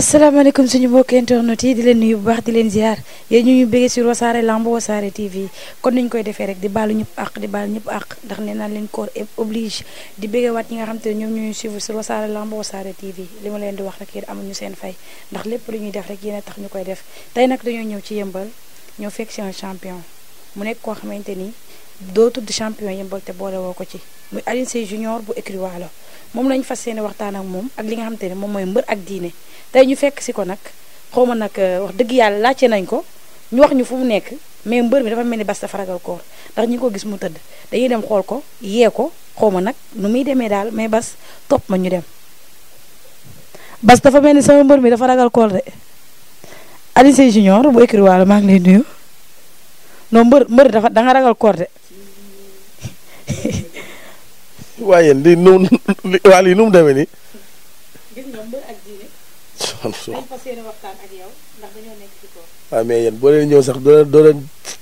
asalaamaaleykum suñu mbokki internet yi di leen nuyu bu baax di leen ziar yéen ñu ñu bëggee sur wasaare lamb wasaare TV kon nuñ koy defee rek di ñu ñëpp àq di baalu ñëpp àq ndax nee naa leen koor oblige di bëggee waat ñi nga xam te ne ñoom ñooñu suivre sur wasaare lamb wasaare TV li ma leen di wax rek yéen amuñu seen fay ndax lépp lu ñuy def rek yéen a tax ñu koy def tey nag dañoo ñëw ci yëmbal ñoo fekk seen champion mu nekk koo xamante ni doo tudd champion yëmbal te boole woo ko ci muy Alioune Seye junior bu écrit waalo moom lañu fas yéene waxtaan ak moom ak li nga xamante ne moom mooy mbër ak diine tey ñu fekk si ko nag xaw ma nag euh, wax dëgg yàlla laajte nañ ko ñu wax ñu fu mu nekk mais mbër mi dafa mel ni bas dafa ragal koor ndax ñi ko gis mu tëdd dañuy dem xool ko yee ko xaw ma nag nu muy demee daal mais bas topp ma ñu dem bas dafa mel ni sama mbër mi dafa ragal koor de Alioune junior bu écrit waalo maa ngi lay nuyu non mbër mbër dafa da nga ragal koor de waaye lii nu waa lii nu mu demee nii. gis nga mbër boo leen ñëw sax doo leen doo leen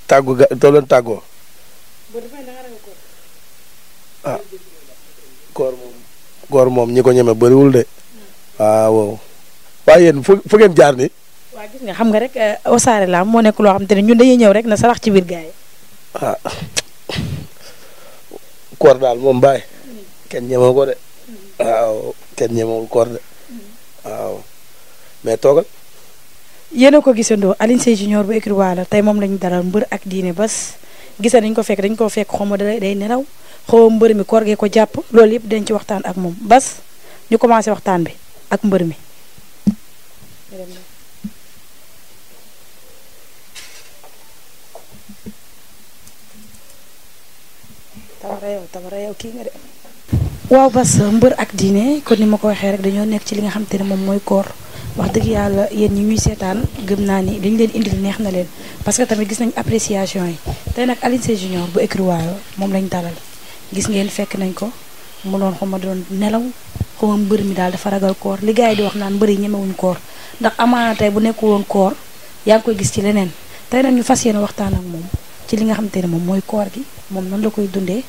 tàggu ga doo leen tàggoo. ah koor moom. koor moom ñi ko ñeme bariwul de. Hmm. Ah, waaw waaye yéen fu fu ngeen jaar ni xam nga rek euh, Wassare laa moo nekk loo xam te ne ñun dañuy ñëw rek na sarax ci biir gaay koor daal moom bàyyi kenn ñemoo ko de waaw kenn ñemewul koor de waaw mais toogal. yéen ko gisandoo Alioune Seye junior bu écrit waala tey moom lañu dalal mbër ak diine bas gisa dañ ko fekk dañ ko fekk xaw ma day nelaw xaw mbër mi koor ko jàpp loolu yëpp dañ ci waxtaan ak moom bas ñu commencé waxtaan bi ak mbër mi. Tabara yow Tabara yow kii nga de. waaw Bas mbër ak diine kon ni ma ko waxee rek dañoo nekk ci li nga xam te ne moom mooy koor wax dëgg yàlla yéen ñi ñuy seetaan gëm naa ni li ñu leen indi indil neex na leen parce que tamit gis nañ apréciation yi tey nag Alioune Sèye Junior bu écrit moom lañ dalal gis ngeen fekk nañ ko mu doon xaw ma doon nelaw xaw mbër mi daal dafa ragal koor li yi di wax naan mbër yi ñemewuñ koor ndax amaana tey bu nekku woon koor yaa ngi koy gis ci leneen tey ñu fas yéene waxtaan ak moom ci li nga xamante ne moom mooy koor gi moom nan la koy dundee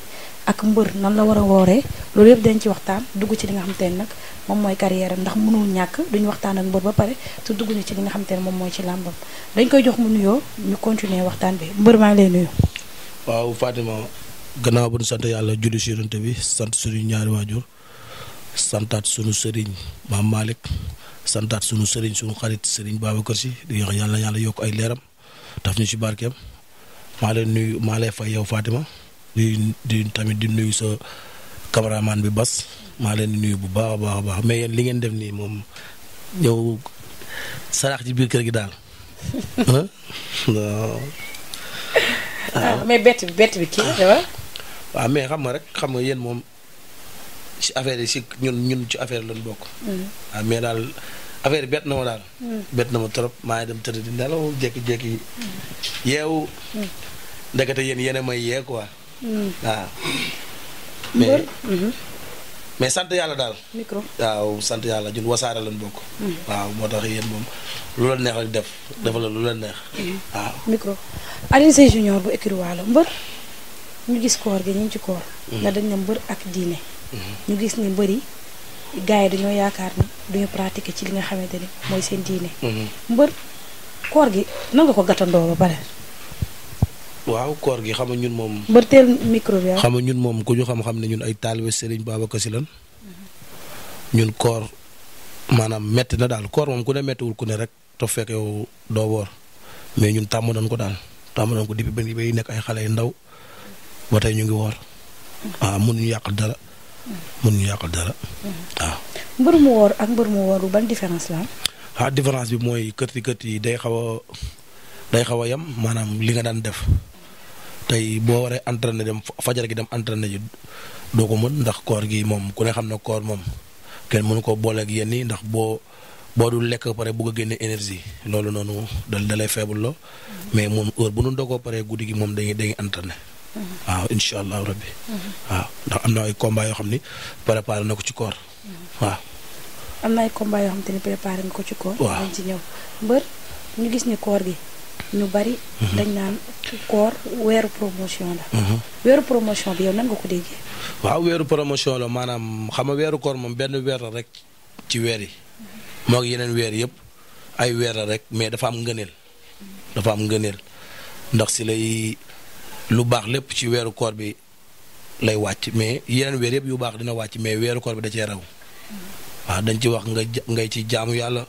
ak mbër nan la war a wooree loolu yëpp dañ ci waxtaan dugg ci li nga xamante ne nag moom mooy carrière ndax mënul ñàkk duñu waxtaan ak mbër ba pare te dugg ñu ci li nga xamante ne moom mooy ci làmbam dañ koy jox mu nuyoo ñu continuer waxtaan bi mbër maa ngi lay nuyu. waaw gannaaw bu sant yàlla julli si Yonent sant suñu ñaari waajur santaat sunu sëriñ maam Malick santaat sunu sëriñ sunu xarit sëriñ Babacar Si di nga yàlla yàlla yokk ay leeram taf ñu ci barkeem maa lay nuyu maa lay fay yow Fatima di tamit di nuyu sa cameraman bi Bas maa leen nuyu bu baax a baax a baax mais yéen li ngeen def nii moom yow sarax ci biir kër gi daal. Ah, mais bett bi bett bi kii waaw ah. ah, mais xam nga rek xam nga yéen moom ci affaire yi ci ñun ñun ci affaire lañ bokk. waaw mm. mais daal. affaire bett na ma daal. Hmm. bett na ma trop maa ngi dem tëdd di nelaw jékki-jékki yeewu. Hmm. ndekete yéen yéen a may yee quoi. Hmm. waaw. mais mais sant yàlla daal. micro waaw sant yàlla ñun wasaare lañ bokk. waaw moo tax yéen moom lu la neex rek def dafa la lu la neex. waaw micro Alioune Junior bu écurie Walo mbër ñu gis koor gi ñu ngi ci koor. ndax dañ ne mbër ak diine. ñu gis ne mbër gars yi dañoo yaakaar ni duñu pratiquer ci li nga xamante ni mooy seen diine. Mhm. mbër koor gi nan ko gàttandoo ba pare. waaw koor gi xam nga ñun moom. mbër teel micro bi ah. xam nga ñun moom ku ñu xam-xam ne ñun ay taalibe Serigne Babacar Sy lan mhm. ñun koor maanaam métti na daal koor moom ku ne méttiwul ku ne rek te fekk doo woor mais ñun tàmm nañ ko daal tàmm nañ ko depuis ba bay nekk ay xale yu ndaw ba tey ñu ngi woor waaw mhm. ah, mënuñu yàq dara. mën ñu yàqal dara. waaw. Mm-hmm. Ah. mbër mu wóor ak mbër mu wóorul ban différence la am. ah différence bi mooy kërti kërti day xaw day xaw a yem maanaam li nga daan def tey boo waree entraîné dem fajar gi dem entraîné ji doo ko mën ndax koor gi moom ku ne xam na koor moom kenn mënu ko booleeg yenn yi ndax boo boo dul lekk ba pare bugg a génne énergie loolu noonu da dalay faible lo mm-hmm. mais moom heure bu nu dogoo pare guddi gi moom dañuy dañuy entraîné. waaw incha allahu rabbi waaw ndax am na ay combat yoo xam ni préparé na ko ci koor waaw. am na ay combat yoo xam te ne préparé nga ko ci koor. waaw mbër ñu gis ni koor gi ñu bari. Mhm. dañ naan koor weeru promotion la. Mhm. weeru promotion bi yow nan nga ko déggee. waaw weeru promotion la maanaam xam nga weeru koor moom benn weer la rek ci weer yi. moo yeneen weer yëpp ay weer la rek mais dafa am ngëneel. dafa am ngëneel ndax si lay. lu baax lépp ci weeru koor bi lay wàcc mais yeneen weer yëpp yu baax dina wàcc mais weeru koor bi da cee raw waaw dañ ci wax nga ngay ci jaamu yàlla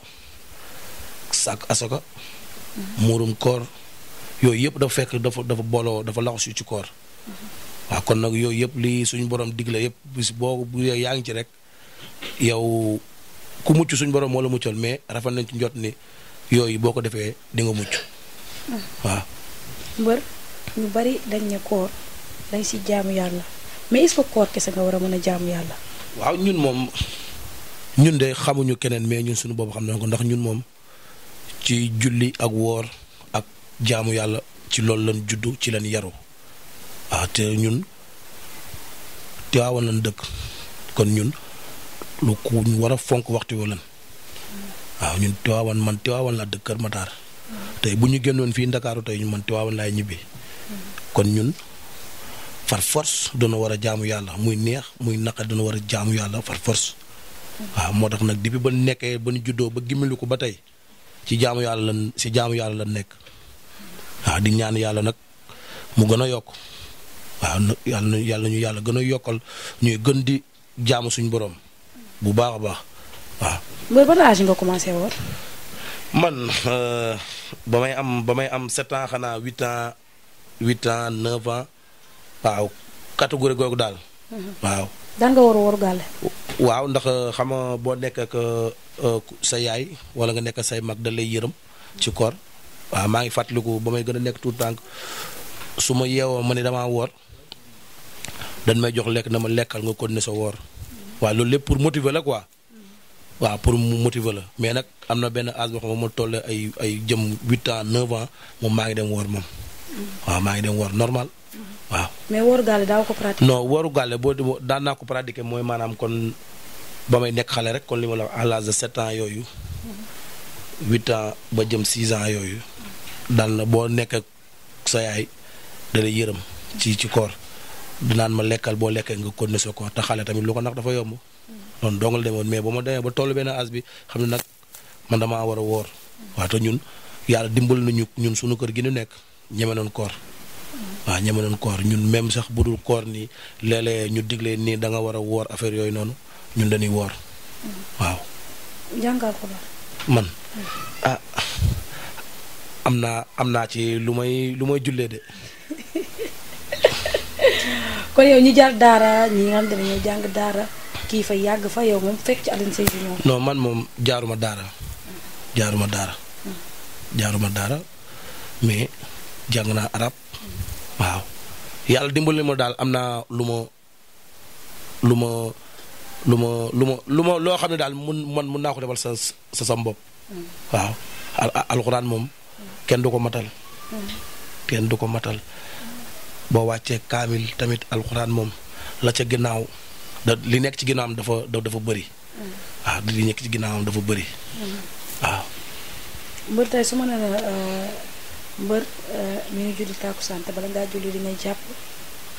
sàkk asaka muurum koor yooyu yëpp dafa fekk dafa dafa booloo dafa laxasu ci koor waa kon nag yooyu yëpp li suñ borom digle yëpp bis boo bu yaa ngi ci rek yow ku mucc suñ borom moo la muccal mais rafet nañ ci njot ni yooyu boo ko defee dinga mucc waaw ñu bari dañ ne koor dañ si jaamu yàlla mais est-ce que koor kese nga war a mën a jaamu yàlla. waaw ñun moom ñun de xamuñu keneen mais ñun suñu boobu xam nañ ko ndax ñun moom ci julli ak woor ak jaamu yàlla ci loolu lañ juddu ci lañ yaru waaw ah, te ñun teewaawoon lañ dëkk kon ñun lu ku ñu war a fonk waxtu wi ah, ñun teewaawoon man teewaawoon laa dëkk Kër Matar tey bu ñu génnoon fii Ndakaaru tey ñu man teewaawoon laay ñibbi. kon ñun par force dana war a jaamu yàlla muy neex muy naqa dana war a jaamu yàlla par force. waaw moo tax nag depuis ba nekkee ba ñu juddoo ba gimmili ko ba tey ci jaamu yàlla lan ci jaamu yàlla lan nekk waaw di ñaan yàlla nag mu gën a yokk waaw yàlla yàlla ñu yàlla gën a yokkal ñuy gën di jaamu suñu boroom bu baax a baax waaw. loolu ban âge nga commencé woon. man euh, ba may am ba may am sept ans xanaa huit ans. huit ans neuf waaw catégorie googu daal. Mhm. waaw. daan a waaw ndax euh, xam nga boo nekk euh, euh, sa yaay wala nga nekk say mag da lay yërëm ci koor waaw maa ngi fàttaliku ba may gën a nekk tout tànk su ma yeewoo ma ne damaa woor dañ may jox lekk na ma lekkal nga continuer sa woor waaw loolu lépp pour motiver la quoi waaw pour mu motiver la mais nag am na benn âge boo xam ne moom maa ngi dem woor moom. waaw maa ngi dem woor normal. waaw mais wooru gàlle daaw ko pratiquer. non wooru gàlle boo daan naa ko pratiquer mooy maanaam kon ba may nekk xale rek kon li la wax à de sept ans yooyu. huit ans ba jëm six ans yooyu. daan na boo nekk sa yaay dana yërëm ci ci koor dinaan ma lekkal boo lekkee nga continuer sa koor te xale tamit lu ko nax dafa yomb. noonu dong la demoon mais ba ma demee ba tollu benn as bi xam ne nag man damaa war a woor. waaw te ñun sunu kër gi ñu nekk. ñeme noon koor waaw ñeme noon koor ñun même sax bu dul koor ni léeg ñu diglee nii danga war a woor affaire yooyu noonu ñun dañuy woor waaw. jàngal ko man ah, am naa am naa ci lu may lu may jullee de. kon yow ñi daara ñi nga daara kii fa yàgg fa yow moom fekk man moom jaaruma daara jaaruma daara jaaruma daara mais. jàng naa arab waaw yàlla dimbali ma daal am naa lu ma lu ma lu ma lu ma lu ma loo xam ne daal mun man mun naa ko defal sa sa sam waaw alxuraan moom kenn du ko matal kenn du ko matal boo wàccee kaamil tamit alxuraan moom la ca ginnaaw da li nekk ci ginnaawam dafa dafa bëri waaw li nekk ci ginnaawam dafa bëri waaw mbër euh, mi ngi julli tàkkusaan te bala ngaa julli di jàpp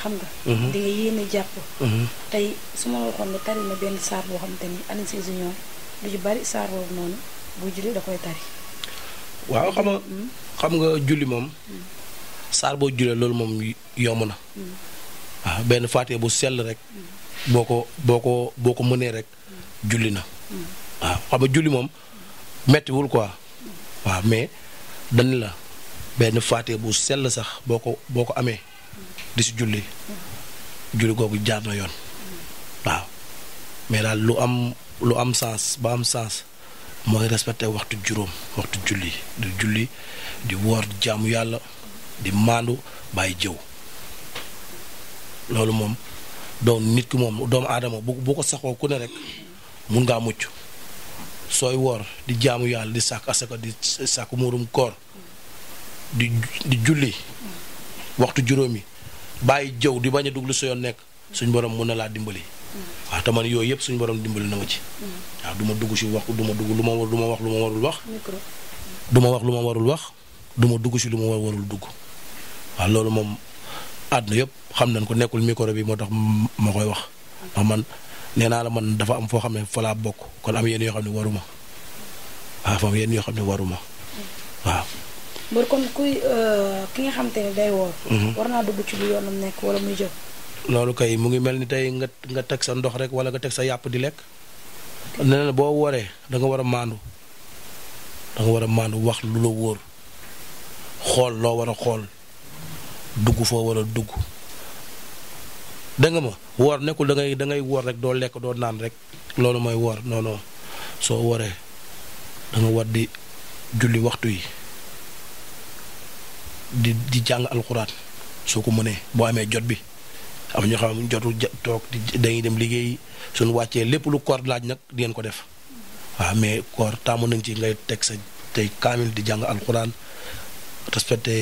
xam nga. Mhm. di yéene jàpp. Mhm. tey su ma waxoon ne tari na benn saar boo xamante ni Alioune Sèye bari saar boobu noonu bu da koy tari. waaw xam nga mhm. xam nga julli moom. saar boo jullee loolu moom yomb na. waaw ah, benn faatee bu sell rek. boo ko boo ko boo ko mënee rek. julli na. waaw xam nga julli moom mettiwul quoi. waaw mais dañ la. benn faatee bu sell sax boo ko boo ko amee di si julli julli googu jaar na yoon waaw mais daal lu am lu am sens ba am sens mooy respecté waxtu juróom waxtu julli di julli di woor di jaamu yàlla di maandu bàyyi jëw loolu moom doom nit ki moom doomu aadama bu bu ko saxoo ku ne rek mun ngaa mucc sooy woor di jaamu yàlla di sàkk asaka di sàkk muurum koor di julli waxtu juróomi bàyyi jëw di bañ a duglu sa nekk suñ borom mun na laa dimbali. waaw te man yooyu yëpp suñ borom dimbali na ma ci. waaw du dugg si wax du ma dugg lu ma war ma wax lu ma warul wax. du ma wax lu ma warul wax du dugg si lu ma war warul dugg waaw loolu moom àdduna yëpp xam nañ ko nekkul micro bi moo tax ma koy wax. ndax man nee naa la man dafa am foo xam ne fa bokk kon am yenn yoo xam ne waruma waaw fa am yenn yoo xam ne waruma waaw. mbër kon kuy euh, ki nga xam te ne day woor. Mhm. war naa dugg ci lu yoonam nekk wala muy jëf. loolu kay mu ngi mel ni tey nga nga teg sa ndox rek wala nga teg sa yàpp di lekk. nee na boo wooree da nga war a maandu da nga war a maandu wax lu la wóor xool loo war a xool dugg foo war a dugg. da ma woor nekkul da dangay da ngay woor rek doo lekk doo naan rek loolu mooy woor non soo wooree da nga war di julli waxtu yi. di di jàng alxuraan soo ko mënee boo amee jot bi am ñoo xam ne toog di dañuy dem liggéey suñu wàccee lépp lu koor laaj nag di ngeen ko def waaw mais koor taamu nañ ci ngay teg sa tey kaamil di jàng alxuraan respecté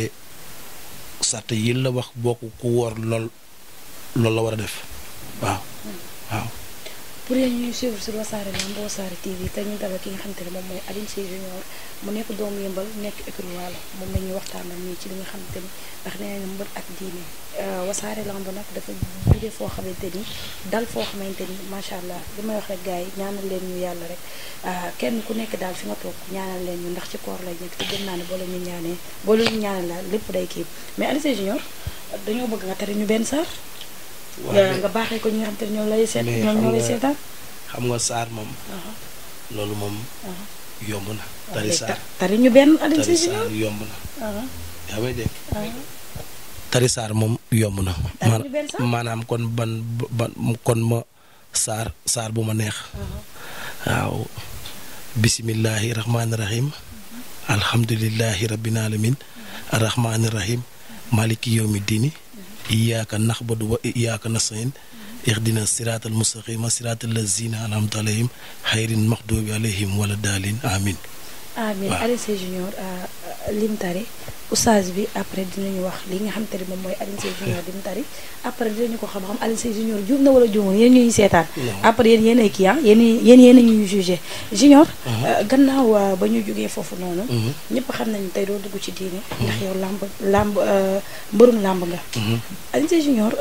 sart yi la wax bokk ku wóor lool loolu la war a def waaw pour yéen ñuy suivre sur Wassare Lamb Wassare TV te ñu dalal ki nga xamante ne moom mooy Alioune Seye Junior mu nekk doomu yëmbal nekk écurie Walo moom la ñuy waxtaan ak ñii ci li nga xamante ni ndax nee nañu mbër ak diine euh, Wassare Lamb nag dafa jóge foo xamante ni dal foo xamante ni macha allah li may wax rek gars yi ñaanal leen ñu yàlla rek euh, kenn ku nekk daal fi nga toog ñaanal leen ñu ndax ci koor lay nekk te gëm naa ne boo leen ñu ñaanee boo leen ñu ñaanee daal lépp day kii mais Alioune Seye Junior dañoo bëgg nga tere ñu benn saar. nga baaxee ko ñi nga te ñoo lay seetaan xam nga saar moom loolu ah, moom yomb na tari saar tari saar moom yomb na maanaam kon ban ban kon ma saar saar bu ma neex waaw bisimillahi rahmaani rahim alhamdulillahi rabbil alamin arrahmaani rahim diini iyyaka na'budu wa iyyaka nasta'in ihdina siraatal mustaqima siraatal lazina an'amta alayhim xayril maxdubi alayhim wala daalin amin amin Alioune Sèye Junior euh, lim tari oustaz bi après dinañu wax li nga xam te ne moom mooy Alioune Sèye Junior di mu tari après dinañu ko xam xam Alioune Sèye Junior juum na wala juumul yéen ñuy seetaan. après yéen yéen ay kii ah yéen yéen yéen a ñuy jugé. Mm-hmm. Junior. Euh, gannaaw euh, ba ñu jógee foofu noonu. Mm-hmm. ñëpp xam nañ tey doo dugg ci diine. Mm-hmm. ndax yow làmb làmb euh, mbërum làmb nga. Alioune Sèye Junior.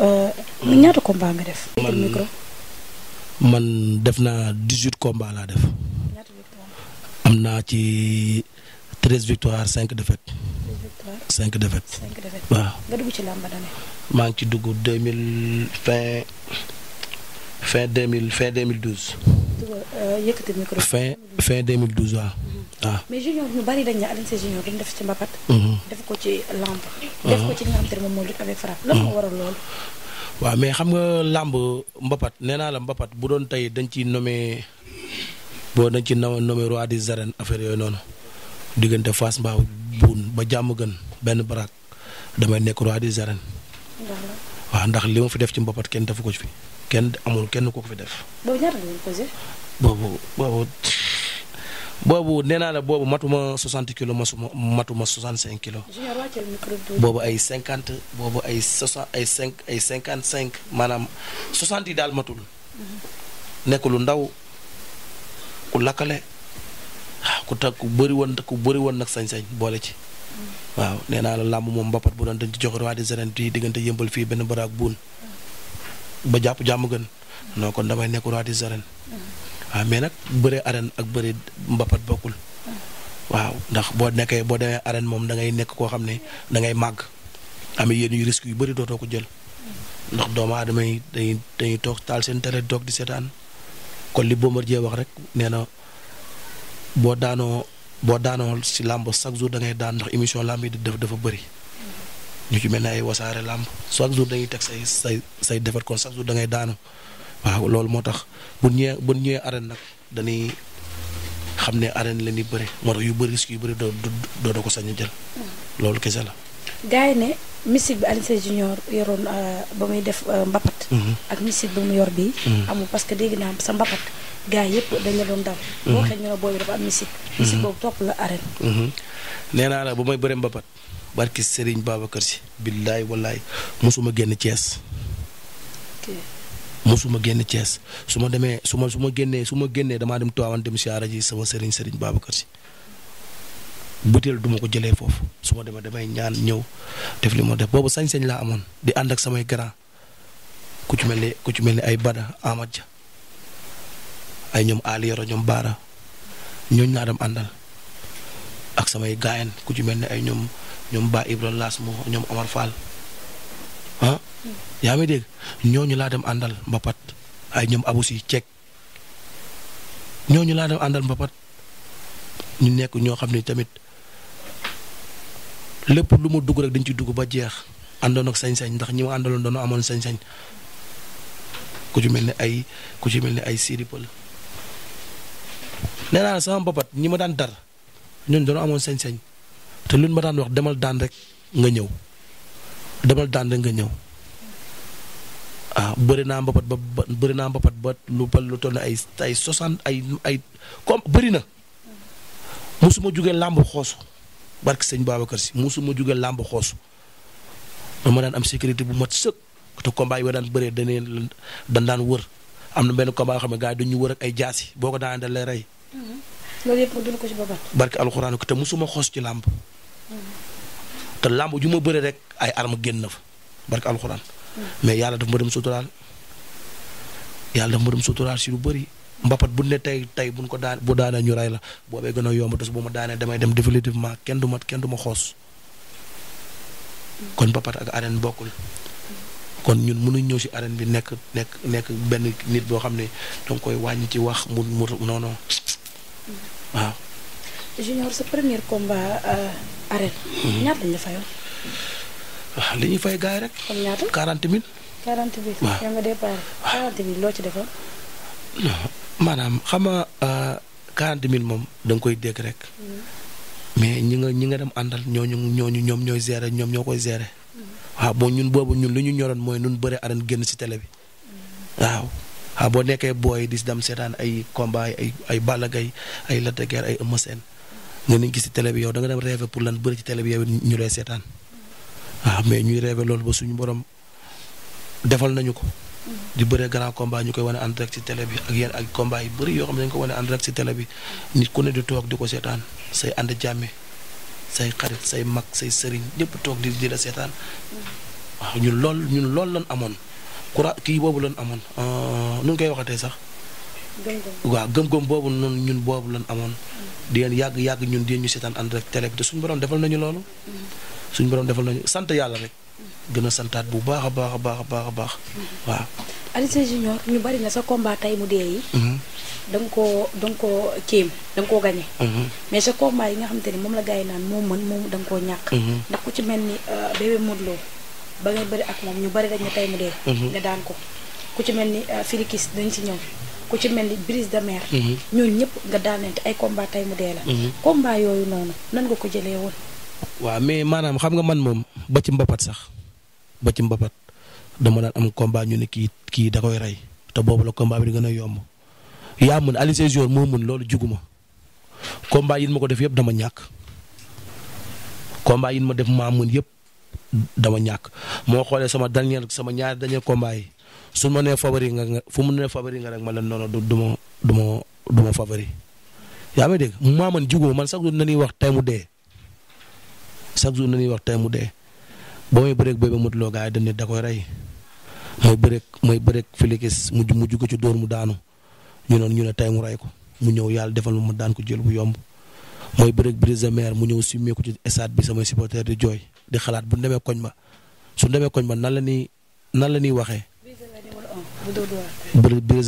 ñaata combat nga def. man micro. man def naa dix huit combat laa def. am naa ci treize victoire cinq défaites. cinq défaites. nga dugg ci làmb daanaka. maa ngi ci dugg deux mille fin fin deux mille fin deux mille douze. Euh, yëkkati mais xam nga làmb mbapat nee naa la mbapat bu doon tey dañ ci nommé boo dañ ci nommé roi des arènes affaire yooyu noonu diggante Fass Mbao buun ba jàmm gën. benn baraak damay nekk roi des arènes. waaw ndax li ma fi def ci mbapat kenn defu ko fi kenn amul kenn ko ko fi def. boobu boobu boobu nee naa la boobu matuma 60 kilos masuma matuma 65 kilos. boobu ay cinquante boobu ay 60 ay 5 cinq 55 maanaam 60 yi daal matul. Mhm. nekk lu ndaw ku lakkale ku takk ku bëri woon ku bëri woon nag sañ-sañ boole ci. waaw nee naa la làmb moom mbapat bu doon dañ ci joxe roi des arènes yi diggante yëmbal fii benn baraak buun ba jàpp jàmm gën non kon damay nekk roi des arènes waaw mais nag bëre arène ak bëre mbapat bokkul waaw ndax boo nekkee boo demee arène moom dangay nekk koo xam ne da ngay màgg amee yenn yu risques yu bëri dootoo ko jël ndax doomu aadama yi dañuy dañuy toog taal seen télé toog di seetaan kon li Bombardier wax rek nee na boo daanoo boo daanoo si làmb chaque jour dangay daan ndax émission làmb yi di def dafa bëri ñu ci mel ne ay wasaare làmb chaque jour dañuy teg say say say defar kon chaque jour dangay ngay daanu waaw loolu moo tax bu ñëwee bu ñëwee arène nag dañuy xam ne arène leen di bëri moo tax yu bëri risque yu bëri doo doo ko sañ a jël. loolu kese la. gars yi ne mystique bi Alioune Sèye Junior yoroon euh, ba muy def euh, mbapat. Mhm. ak mystique bi mu yor bi mhm. amul parce que dégg naa sa mbapat. gars yëpp dañ la doon daw. Mhm. boo ne mhm. mhm. naa la bu may bëre mbapat barki sëriñ Babacar si billaay wallaay mosuma génn Thiès. mosuma génn Thiès su ma demee su ma su ma génnee su ma génnee damaa dem Tivaouane dem siyaara yi sama sëriñ sëriñ Babacar si. butéel duma ko jëlee foofu su ma demee damay ñaan ñëw def li moo def boobu sañ-sañ laa amoon di ànd ak samay grand ku ci mel ni ku ci mel ni ay Bada Amath Dia ay ñoom Aliou Yoro ñoom Baara ñooñu laa dem àndal ak samay gaayen ku ci mel ni ay ñoom baa Ba Ibra Laas mo ñoom amar Fall ah, yaa ngi dégg ñooñu laa dem àndal mbapat ay ñoom abusi ceeg ñooñu laa dem àndal mbapat ñu nekk ñoo xam ni tamit lépp lu mu dugg rek dañ ci dugg ba jeex àndoon ak sañ-sañ ndax ñi ma àndaloon doon amoon sañ-sañ ku ci mel ni ay ku ci mel ne ay Sidi nee naa sama mbapat ñi ma daan dar ñun dañoo amoon sañ señ te luñ ma daan wax demal daan rek nga ñëw demal daan nga ñëw waaw ah, bëri naa mbapat ba ba bëri naa ba lu ba lu toll ay ay soixante ay ay comme bëri na. musuma jugee làmb xoosu barki sëñ Babacar si musuma jugee làmb xoosu ma daan am sécurité bu mat sëkk te combat yi daan bëree dan daan wër am na benn combat yoo xam ne gars yi dañ ñu wër ak ay jaas yi boo ko daan da lay rey. loolu yëpp dul alxuraan ko te musuma ci làmb. Mm. te làmb ju ma bëre rek ay arme génn na fa barke alxuraan. Mm. mais yàlla daf ma dem suturaal yàlla daf ma dem suturaal si lu bëri. mbapat bu ne tey tey buñ ko daan bu daanee ñu rey la boobee gën a yomb te su bu ma daanee damay dem définitivement kenn du ma kenn du ma xoos. Mm. kon mbapat ak arène bokkul. kon ñun mënuñ ñëw si arène bi nekk nekk nekk benn nit boo xam ne danga koy wàññi ci wax mu mu non non waaw. junior sa premier combat euh, arène. Mhm. ñaata lañ la fayoon. waaw ah, li ñuy fay gars yi rek. kon ñaata quarante mille. quarante mille loo ci defoon. maanaam xam nga euh, quarante mille moom da koy dégg rek. Mhm. mais ñi nga ñi nga dem àndal ñooñu ñooñu ñoom ñooy gérer ñoom ñoo koy gérer. Mhm. waaw bon ñun boobu ñun lu ñu ñoroon mooy nun bëre arène génn ci télé bi waaw. Ah, boo nekkee booy di dem seetaan ay combat ay ay Balla ay Lac de Guiers ay Eumeu Sène nga nañ gis ci télé bi yow da dem rêver pour lan bëri ci télé bi yow ñu lay seetaan waaw ah, mais ñuy rêver loolu ba suñu borom defal nañu ko. di bëre grand combat koy wane en ci télé bi ak yenn ak combat yu bëri yoo xam ne dañu ko wane en direct ci bi nit ku ne di toog di ko seetaan say ànd jàmme say xarit say mag say sëriñ ñëpp toog di di seetaan waaw ñun lool ñun lool lan amoon. courage kii boobu lan amoon euh, nu ñu koy waxatee sax. waaw gëm-gëm boobu noonu ñun boobu lan amoon. di leen yàgg yàgg ñun di ñu seetaan ànd rek suñ bi te suñu defal nañu loolu. Mm-hmm. suñ borom defal nañu sant yàlla rek. Mm-hmm. gën a santaat bu baax a baax a baax a baax a baax. Mm-hmm. waaw. Alioune Junior ñu bari na sa combat tey mu dee yi. da nga koo da nga da koo gagné. mais sa combat yi nga xamante ni moom la gars yi naan moo mën moom da ñàkk. ndax ku ci mel ni euh, Lo ba ngay bëri ak moom ñu bari dañ ne tey mu dee. Mhm. nga daan ko ku ci mel ni euh, Filikis dañ ci ñëw ku ci mel ni Brise de Mer. Mhm. ñooñu ñëpp nga daanante ay combat tey dee la. Mhm. combat yooyu noonu nan nga ko jëlee woon. waaw mais maanaam xam nga man moom ba ci mbapat sax ba ci mbapat dama daan am combat ñu ne kii kii da koy rey te boobu la combat bi di gën a yomb yaa mën Alioune Sèye moo mën loolu juguma combat yi ma ko def yëpp dama ñàkk combat yi ma def maa mën yëpp. dama ñàkk moo xoolee sama dernier sama ñaari dernier combat yi su ma nee favori nga nga fu mu nee favori nga rek ma leen noonu du du ma du ma du ma favori yaa ngi dégg maa man jigoo man chaque jour nañuy wax tey mu dee chaque jour nañuy wax tey mu dee ba muy bëreeg bébé Modou Lo gars yi dañ ne mooy bëreeg mooy bëreeg Félix mu mujj ko ci dóor mu daanu ñu noonu ñu ne tey mu rey ko mu ñëw yàlla defal ma daan ko jël bu yomb mooy bëreeg brise mer mu ñëw simmee ko ci stade bi sama supporters di jooy. di xalaat bu ndemee koñ ma su demee koñ ma nan la ñuy nan la ñuy waxee. Brise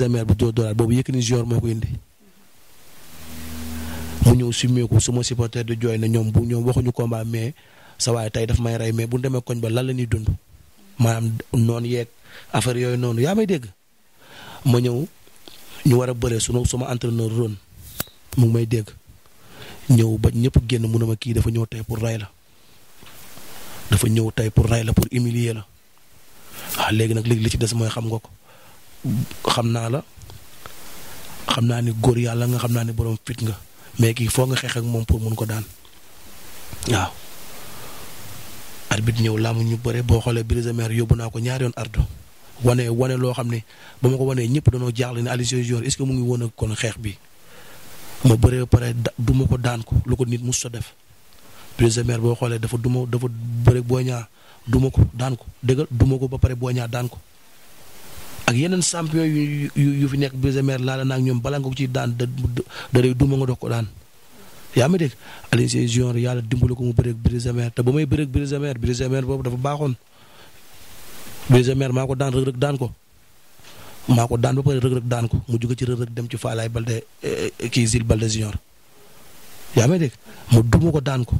de bu dóor dóoraat boobu Yékini Junior moo ko indi. mu ñëw simmeeku suma supporter di jooy na ñoom bu ñoom waxuñu combat mais sa waaye tey daf may rey mais bu demee koñ ba lan la ñuy dund. maanaam noonu yeeg affaire yooyu noonu yaa may dégg ma ñëw ñu war a bëree sunu suma entraîneur ron mu may dégg ñëw ba ñëpp génn mun ma kii dafa ñëw tey pour rey la. dafa ñëw tey pour ray la pour humilier la waaw ah, léegi nag léegi li ci des mooy xam nga ko xam naa la xam naa ni góor yàlla nga xam naa ni borom fit nga mais kii foo nga xeex ak moom pour mun ko daan waaw. arbitre ñëw laamu ñu bëre boo xoolee Brise Mer yóbbu naa ko ñaari yoon ardo wane wane loo xam ne ba ma ko wanee ñëpp dañoo jaaxle ne Alioune Seye est ce que mu ngi woon kon xeex bi ma bëree pare du duma ko daan ko lu ko nit musu sa def. Brise de boo xoolee dafa duma dafa bëre Boy Niang duma ko daan ko duma ko ba pare boo ñaa daan ko ak yeneen champion yu yu fi nekk Brise de Mer laala naag ñoom bala nga ko ciy daan da da day duma nga dox ko daan. yaa ngi dégg Alioune Seye junior yàlla dimbali ko mu bëreeg Brise de Mer te ba may bëreeg Brise de boobu dafa baaxoon Brise maa ko daan rëg-rëg daan ko maa ko ba pare rëg-rëg daan ko mu jóge ci rëg-rëg dem ci Faalaay Balde eh, eh, kii Zil Balde junior yaa ma dégg mu duma ko daan ko.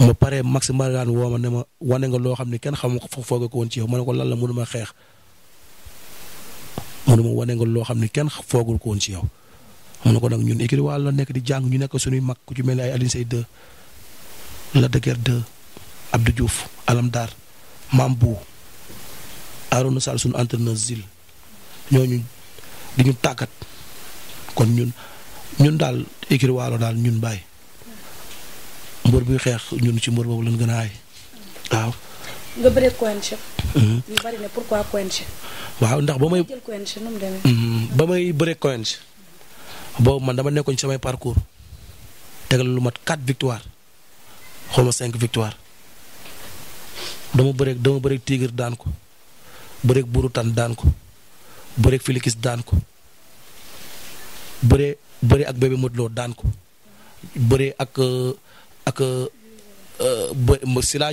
ma paree Max Mbargane woo ma ne ma wane nga loo xam ne kenn xamu ko foog ko woon ci yow ma ne ko lan la mënuma xeex mënuma wane nga loo xam ne kenn foogul ko woon ci yow. mu na ko nag ñun écrit wàll nekk di jàng ñu nekk sunuy mag ku ci mel ni ay Alioune Seye 2 Lac de Guiers 2 Abdou Diouf Alam Dar Mam Bou Arouna Sall suñu entraîneur Zil ñooñu di ñu tàggat kon ñun ñun daal écrit wàll daal ñun bàyyi. mbër buy xeex ñun ci mbër boobu lañ gën a aay waaw. Mm-hmm. ndax ba may mm-hmm. ba may bëree cointre boobu man dama nekkoon ci samay parcours tegal lu mat 4 victoire xaw ma 5 victoire dama bëreeg dama bëreeg Tigre daan ko bëreeg Burutan daan ko bëreeg Filikis daan ko bëree bëri ak bébé Modou daan ko bëree ak. ak euh, ba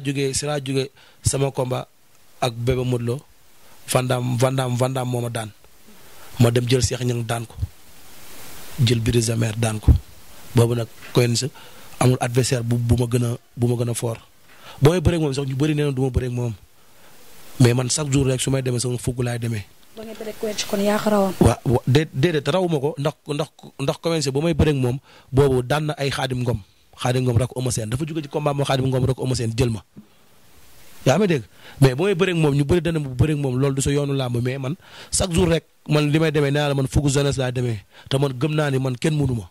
jóge silaa jógee sama combat ak bébé Modou Lo Vandam Vandam Vandam moo ma daan ma dem jël Cheikh Niang daan ko jël Brise de Mer daan ko boobu nag Quench amul adversaire bu bu ma gën a bu ma gën a fort boo may bëree ak moom sax ñu bëri nee na du ma moom mais man chaque jour rek su may demee sama fukk laay demee. ba ngay bëree Quench kon yaa ko rawoon. waaw déedéet rawu ma ko ndax ndax ndax Quench bu may bëree ak moom boobu daan na ay xaadim ngom. Xaadim Ngom rak Eumeu Sène dafa jóge ci combat moo Xaadim Ngom rak Eumeu Sène jël ma yaa ngi dégg mais bu may bëreeg moom ñu bëri dana bu bëreeg moom loolu du sa yoonu làmb mais man chaque jour rek man li may demee nee naa la man fugu jeunesse laa demee te man gëm naa ni man kenn mënu ma